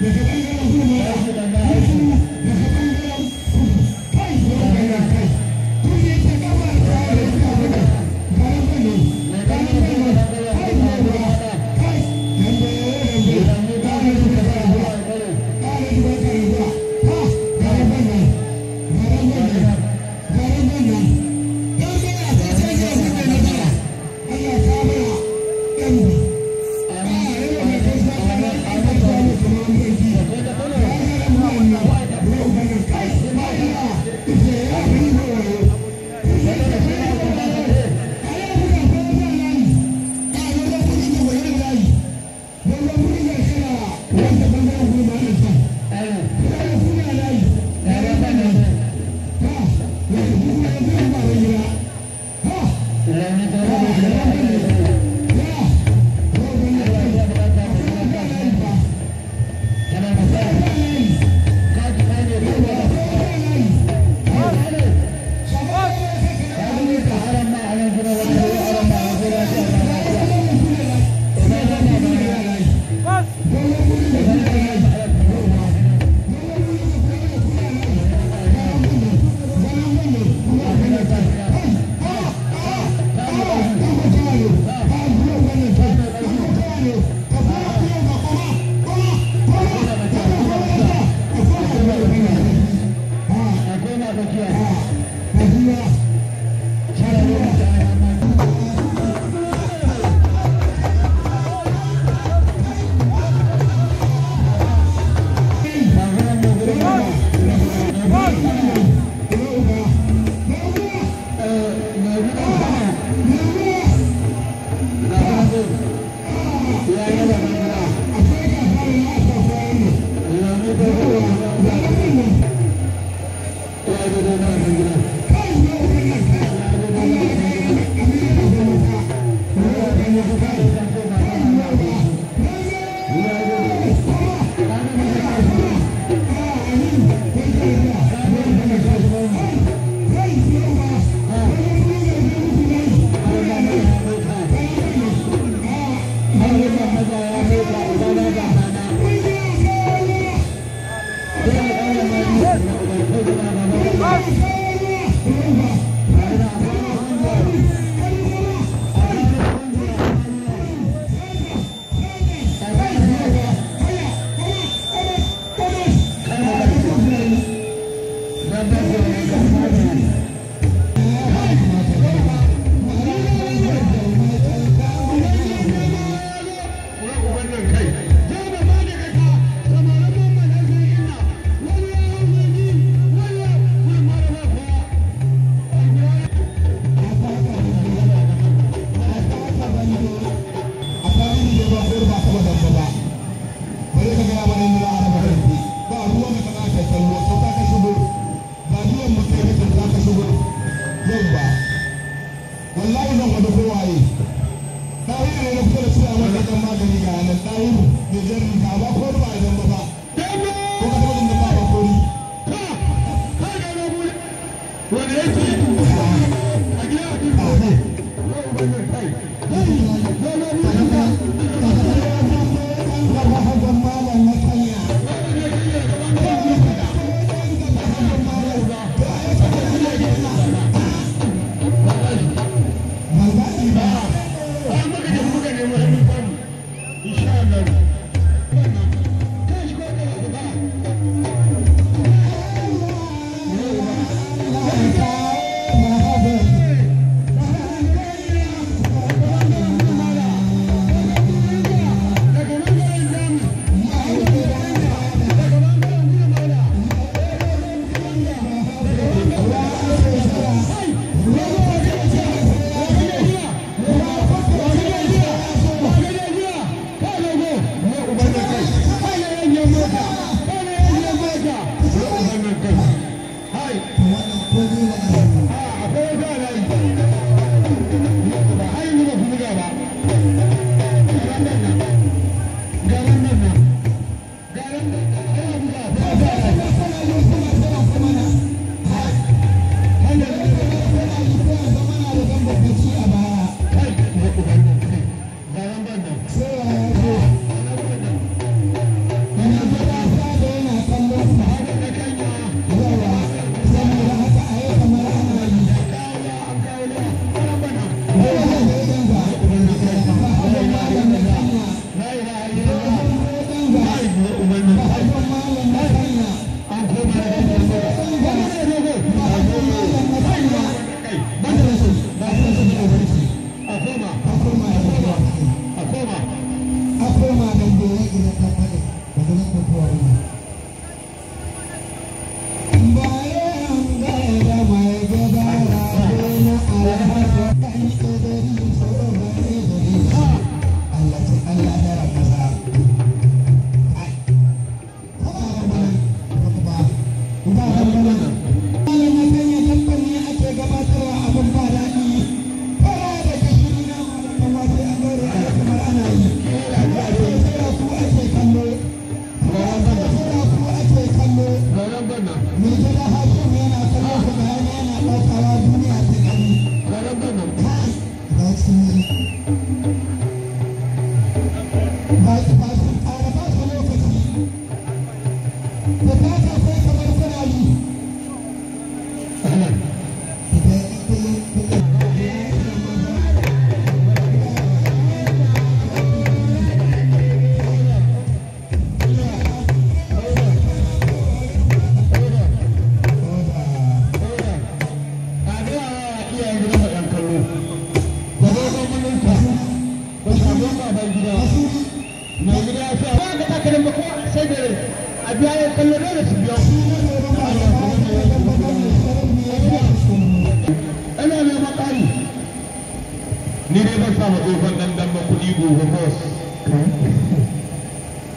Did you Não, não, eu vou aí. Thank you. Thank you. ni dai zan sama tsohon nan dan ba kuɗi gobe boss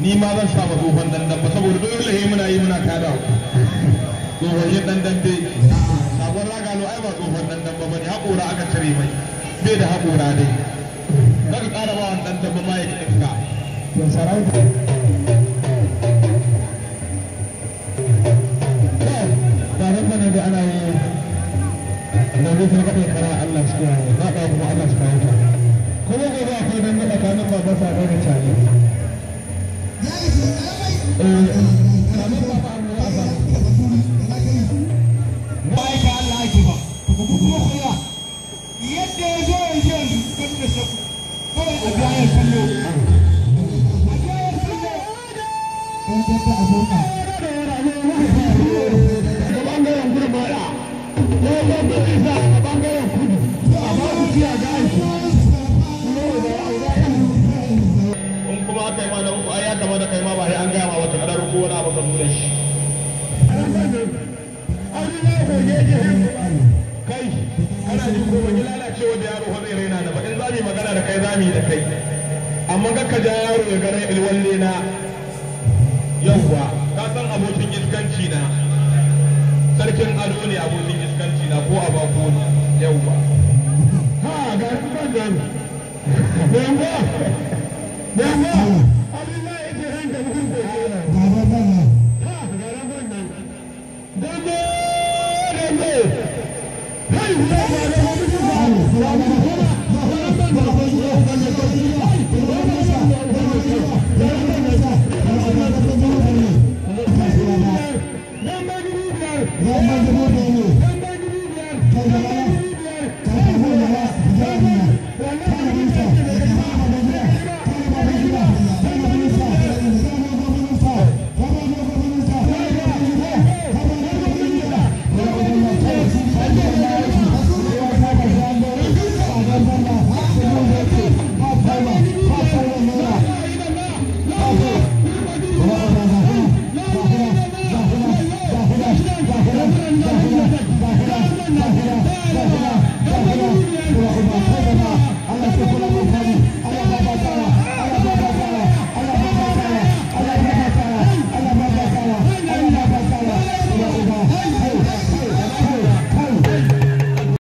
ni ma zan sama tsohon nan dan ba saboda dole ne muna yi muna tada tsohon yin dan dan dai sabon ragalo ai ba tsohon nan dan ba ne haƙora aka cire mai bai da hakora dai zaka ƙara ba wa dan dan ba ma ya kiɗa da ana yi zaune sun kaɗe kara Allah su kawo zaɓa kuma Allah su kawo ta kuma gobe kai don daɗa kanin ba basa ɗaya da cani kanin ba ya ya kai ma na uku ai ya kama da kai ma ba sai an gaya ma wata kadar ko wani abu ka nuna shi kai kana jin ko ba ki lalacewa da yaro fa raina da ba in za mu magana da kai za mu da kai amma ga ka ja yaro ya gare ilwalle na yawwa ka san abokin iskanci na sarkin ado ne abokin iskanci na ko a abako ne yawwa ha ga ban da ne Meu irmão, Thank you.